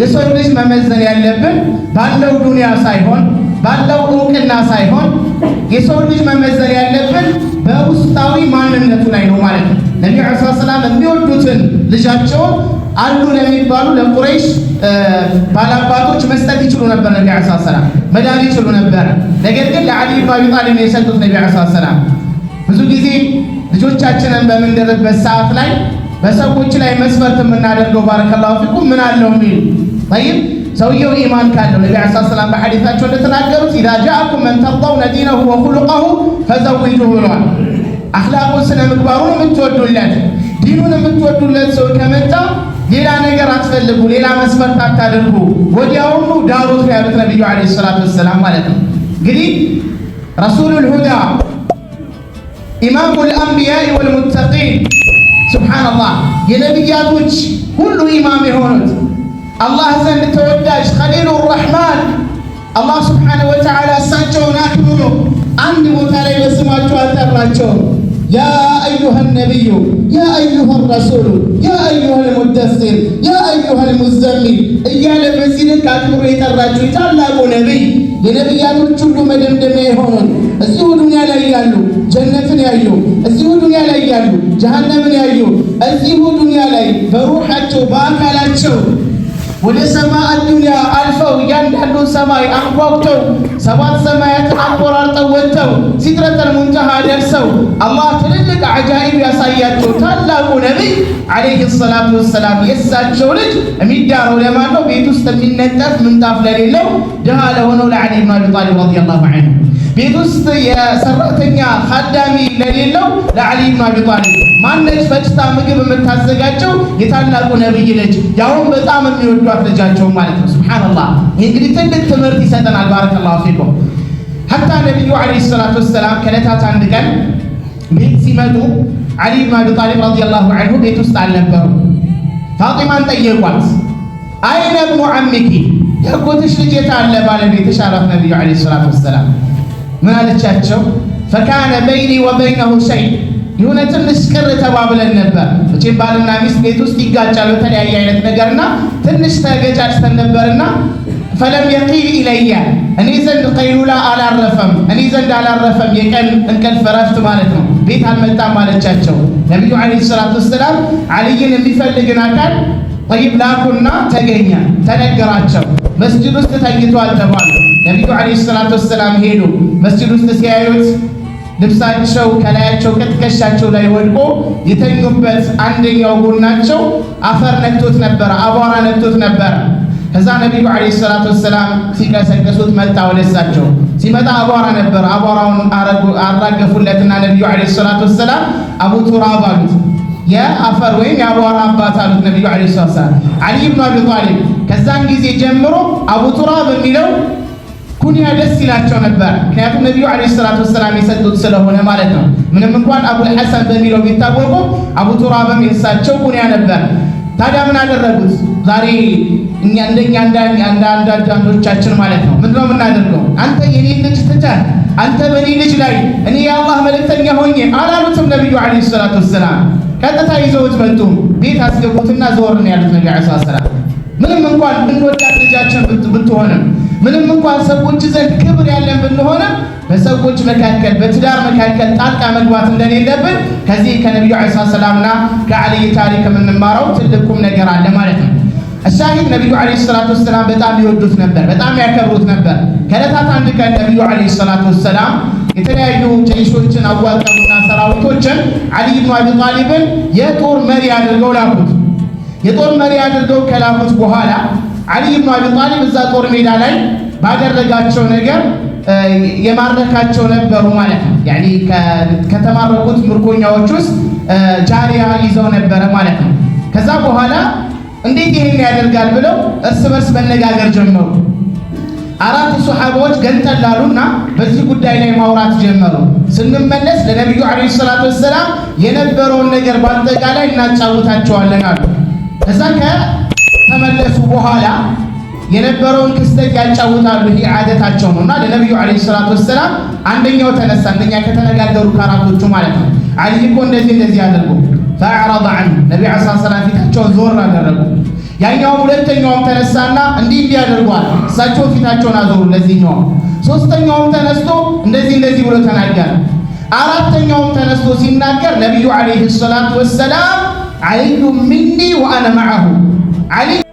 የሰው ልጅ መመዘን ያለብን ባለው ዱንያ ሳይሆን ባለው እውቅና ሳይሆን የሰው ልጅ መመዘን ያለብን በውስጣዊ ማንነቱ ላይ ነው ማለት ነው። ነቢዩ ዐለይሂ ሰላም የሚወዱትን ልጃቸውን አሉ ለሚባሉ ለቁረይሽ ባላባቶች መስጠት ይችሉ ነበር። ነቢ ዐለይሂ ሰላም መዳን ይችሉ ነበር። ነገር ግን ለዓሊ ብን አቢ ጣሊብ የሰጡት ነቢ ዐለይሂ ሰላም ብዙ ጊዜ ልጆቻችንን በምንድርበት ሰዓት ላይ በሰዎች ላይ መስፈርት የምናደርገው ባረከላሁ ፊኩም ምን አለው የሚሉ ጠይብ ሰውየው ኢማን ካለው ነቢ ዐለይሂ ሰላም በሐዲታቸው እንደተናገሩት ኢዛ ጃአኩም መን ተርደውነ ዲነሁ ወኹሉቀሁ ፈዘውጁሁ ብለዋል። አኽላቁን ስነ ምግባሩን የምትወዱለት ዲኑን የምትወዱለት ሰው ከመጣ ሌላ ነገር አትፈልጉ፣ ሌላ መስፈርት አታደርጉ ወዲያውኑ ዳሩት ነው ያሉት ነቢዩ ዐለይሂ ሰላቱ ወሰላም ማለት ነው። እንግዲህ ረሱሉል ሁዳ ኢማሙል አንቢያኢ ወልሙተቂን ሱብሓነላህ የነቢያቶች ሁሉ ኢማም የሆኑት አላህ ዘንድ ተወዳጅ ኸሊሉ ረሕማን አላህ ስብሓነሁ ወተዓላ እሳቸውን አክብሮ አንድ ቦታ ላይ በስማቸው አልጠራቸው። ያ አዩሃ ነቢዩ፣ ያ አዩሃ ረሱሉ፣ ያ አዩሃ ልሙደሲር፣ ያ አዩሃ ሙዘሚል እያለ በዚህ ልክ አክብሮ የጠራቸው ታላቁ ነቢይ የነቢያቶች ሁሉ መደምደሚያ የሆኑን እዚሁ ዱንያ ላይ ያሉ ጀነትን ያዩ እዚሁ ዱንያ ላይ ያሉ ጀሃነምን ያዩ እዚሁ ዱንያ ላይ በሩሓቸው በአካላቸው ወደ ሰማይ አዱንያ አልፈው እያንዳንዱን ሰማይ አንኳኩተው ሰባት ሰማያትን አቆራርጠው ወጥተው ሲድረተል ሙንተሃ ደርሰው አላህ ትልልቅ አጃኢብ ያሳያቸው ታላቁ ነቢይ ዓለይሂ ሰላቱ ወሰላም የእሳቸው ልጅ የሚዳረው ለማን ነው? ቤት ውስጥ የሚነጠፍ ምንጣፍ ለሌለው ድሃ ለሆነው ለዓሊ ብን አቢ ጣሊብ ረዲየላሁ ዐንሁ ቤት ውስጥ የሰራተኛ ካዳሚ ለሌለው ለዓሊ ብን አቢ ጣሊብ ማነች ፈጭታ ምግብ የምታዘጋጀው? የታላቁ ነብይ ልጅ ያውም በጣም የሚወዷት ልጃቸው ማለት ነው። ሱብሃነላህ ይህ እንግዲህ ትልቅ ትምህርት ይሰጠናል። ባረከላሁ ፊኩም። ሀታ ነቢዩ ዓለይሂ ሰላቱ ወሰላም ከዕለታት አንድ ቀን ቤት ሲመጡ ዓሊ ብን አቢ ጣሊብ ረዲየላሁ አንሁ ቤት ውስጥ አልነበሩ። ፋጢማን ጠየቋት፣ አይነ ብኑ አሚኪ ያጎትሽ ልጅ የት አለ ባለቤትሽ? አሏት ነቢዩ ዓለይሂ ሰላቱ ወሰላም። ምን አለቻቸው? ፈካነ በይኒ ወበይነሁ ሸይ የሆነ ትንሽ ቅር ተባብለን ነበር። መቼም ባልና ሚስት ቤት ውስጥ ይጋጫሉ በተለያየ አይነት ነገርና ትንሽ ተገጫጭተን ነበርና ፈለም የቂል ኢለየ እኔ ዘንድ ቀይሉላ አላረፈም፣ እኔ ዘንድ አላረፈም። የቀን እንቅልፍ እረፍት ማለት ነው። ቤት አልመጣም ማለቻቸው ነቢዩ ዓለይሂ ሰላቱ ወሰላም አልይን የሚፈልግን አካል ጠይብ ላኩና ተገኘ ተነገራቸው። መስጅድ ውስጥ ተኝቷል ተባሉ። ነቢዩ ዓለይሂ ሰላቱ ወሰላም ሄዱ። መስጅድ ውስጥ ሲያዩት ልብሳቸው ከላያቸው ከትከሻቸው ላይ ወድቆ የተኙበት አንደኛው ጎናቸው አፈር ነክቶት ነበረ፣ አቧራ ነክቶት ነበረ። ከዛ ነቢዩ ዓለይሂ ሰላቱ ወሰላም ሲቀሰቀሱት መጣ ወደሳቸው። ሲመጣ አቧራ ነበር። አቧራውን አራገፉለትና ነቢዩ ዓለይሂ ሰላቱ ወሰላም አቡ ቱራብ አሉት፣ የአፈር ወይም የአቧራ አባት አሉት ነቢዩ ዓለይሂ ሰላቱ ወሰላም። ዓሊ ብኑ አቢ ጣሊብ ከዛን ጊዜ ጀምሮ አቡ ቱራብ የሚለው ኩንያ ደስ ይላቸው ነበር። ምክንያቱም ነቢዩ ዓለይሂ ሰላቱ ወሰላም የሰጡት ስለሆነ ማለት ነው። ምንም እንኳን አቡል ሐሰን በሚለው ቢታወቁ አቡ ቱራብም የእሳቸው ኩንያ ነበር። ታዲያ ምን አደረጉት? ዛሬ እኛ እንደኛ አንዳንዶቻችን ማለት ነው ምንድነው የምናደርገው? አንተ የኔ ልጅ ትተህ አንተ በኔ ልጅ ላይ እኔ የአላህ መልእክተኛ ሆኜ አላሉትም ነቢዩ ዓለይሂ ሰላቱ ወሰላም። ቀጥታ ይዘውት መጡ። ቤት አስገቡትና ዘወር ነው ያሉት ነቢዩ ዓለይሂ ሰላም ምንም እንኳን እንወዳት ልጃችን ብትሆንም ምንም እንኳን ሰዎች ዘንድ ክብር ያለን ብንሆንም በሰዎች መካከል በትዳር መካከል ጣልቃ መግባት እንደሌለብን ከዚህ ከነቢዩ ዐለይሂ ሰላምና ከአልይ ታሪክ የምንማረው ትልቁም ነገር አለ ማለት ነው። እሻሂድ ነቢዩ ዐለይሂ ሰላቱ ወሰላም በጣም ይወዱት ነበር፣ በጣም ያከብሩት ነበር። ከዕለታት አንድ ቀን ነቢዩ ዐለይሂ ሰላቱ ወሰላም የተለያዩ ጀይሾችን አዋቀሩና ሰራዊቶችን አሊ ብኑ አቢ ጣሊብን የጦር መሪ አድርገው ላኩት። የጦር መሪ አድርገው ከላኩት በኋላ አልይ ብኑ አቢ ጣሊብ እዛ ጦር ሜዳ ላይ ባደረጋቸው ነገር የማረካቸው ነበሩ ማለት ነው። ያኔ ከተማረኩት ምርኮኛዎች ውስጥ ጃሪያ ይዘው ነበረ ማለት ነው። ከዛ በኋላ እንዴት ይሄን ያደርጋል ብለው እርስ በርስ መነጋገር ጀመሩ። አራቱ ሰሓባዎች ገንጠል አሉና በዚህ ጉዳይ ላይ ማውራት ጀመሩ። ስንመለስ ለነቢዩ ዓለይሂ ሰላቱ ወሰላም የነበረውን ነገር በአጠቃላይ እናጫውታቸዋለን አሉ። ከዛ ከተመለሱ በኋላ የነበረውን ክስተት ያጫውታሉ። ይሄ አደታቸው ነው እና ለነቢዩ ዓለይሂ ሰላቱ ወሰላም አንደኛው ተነሳ፣ አንደኛ ከተነጋገሩ ካራቶቹ ማለት ነው። አሊ እኮ እንደዚህ እንደዚህ አደርጉ ፈአዕረض ዐንሁ ነቢዩ ዓለይሂ ሰላም ፊታቸውን ዞር አደረጉ። ያኛውም ሁለተኛውም ተነሳና እንዲህ እንዲህ ያደርጓል። እሳቸው ፊታቸውን አዞሩ ለዚህኛው። ሶስተኛውም ተነስቶ እንደዚህ እንደዚህ ብሎ ተናገረ። አራተኛውም ተነስቶ ሲናገር ነቢዩ ዓለይሂ ሰላቱ ወሰላም አልዩ ሚኒ ወአነ መዐሁ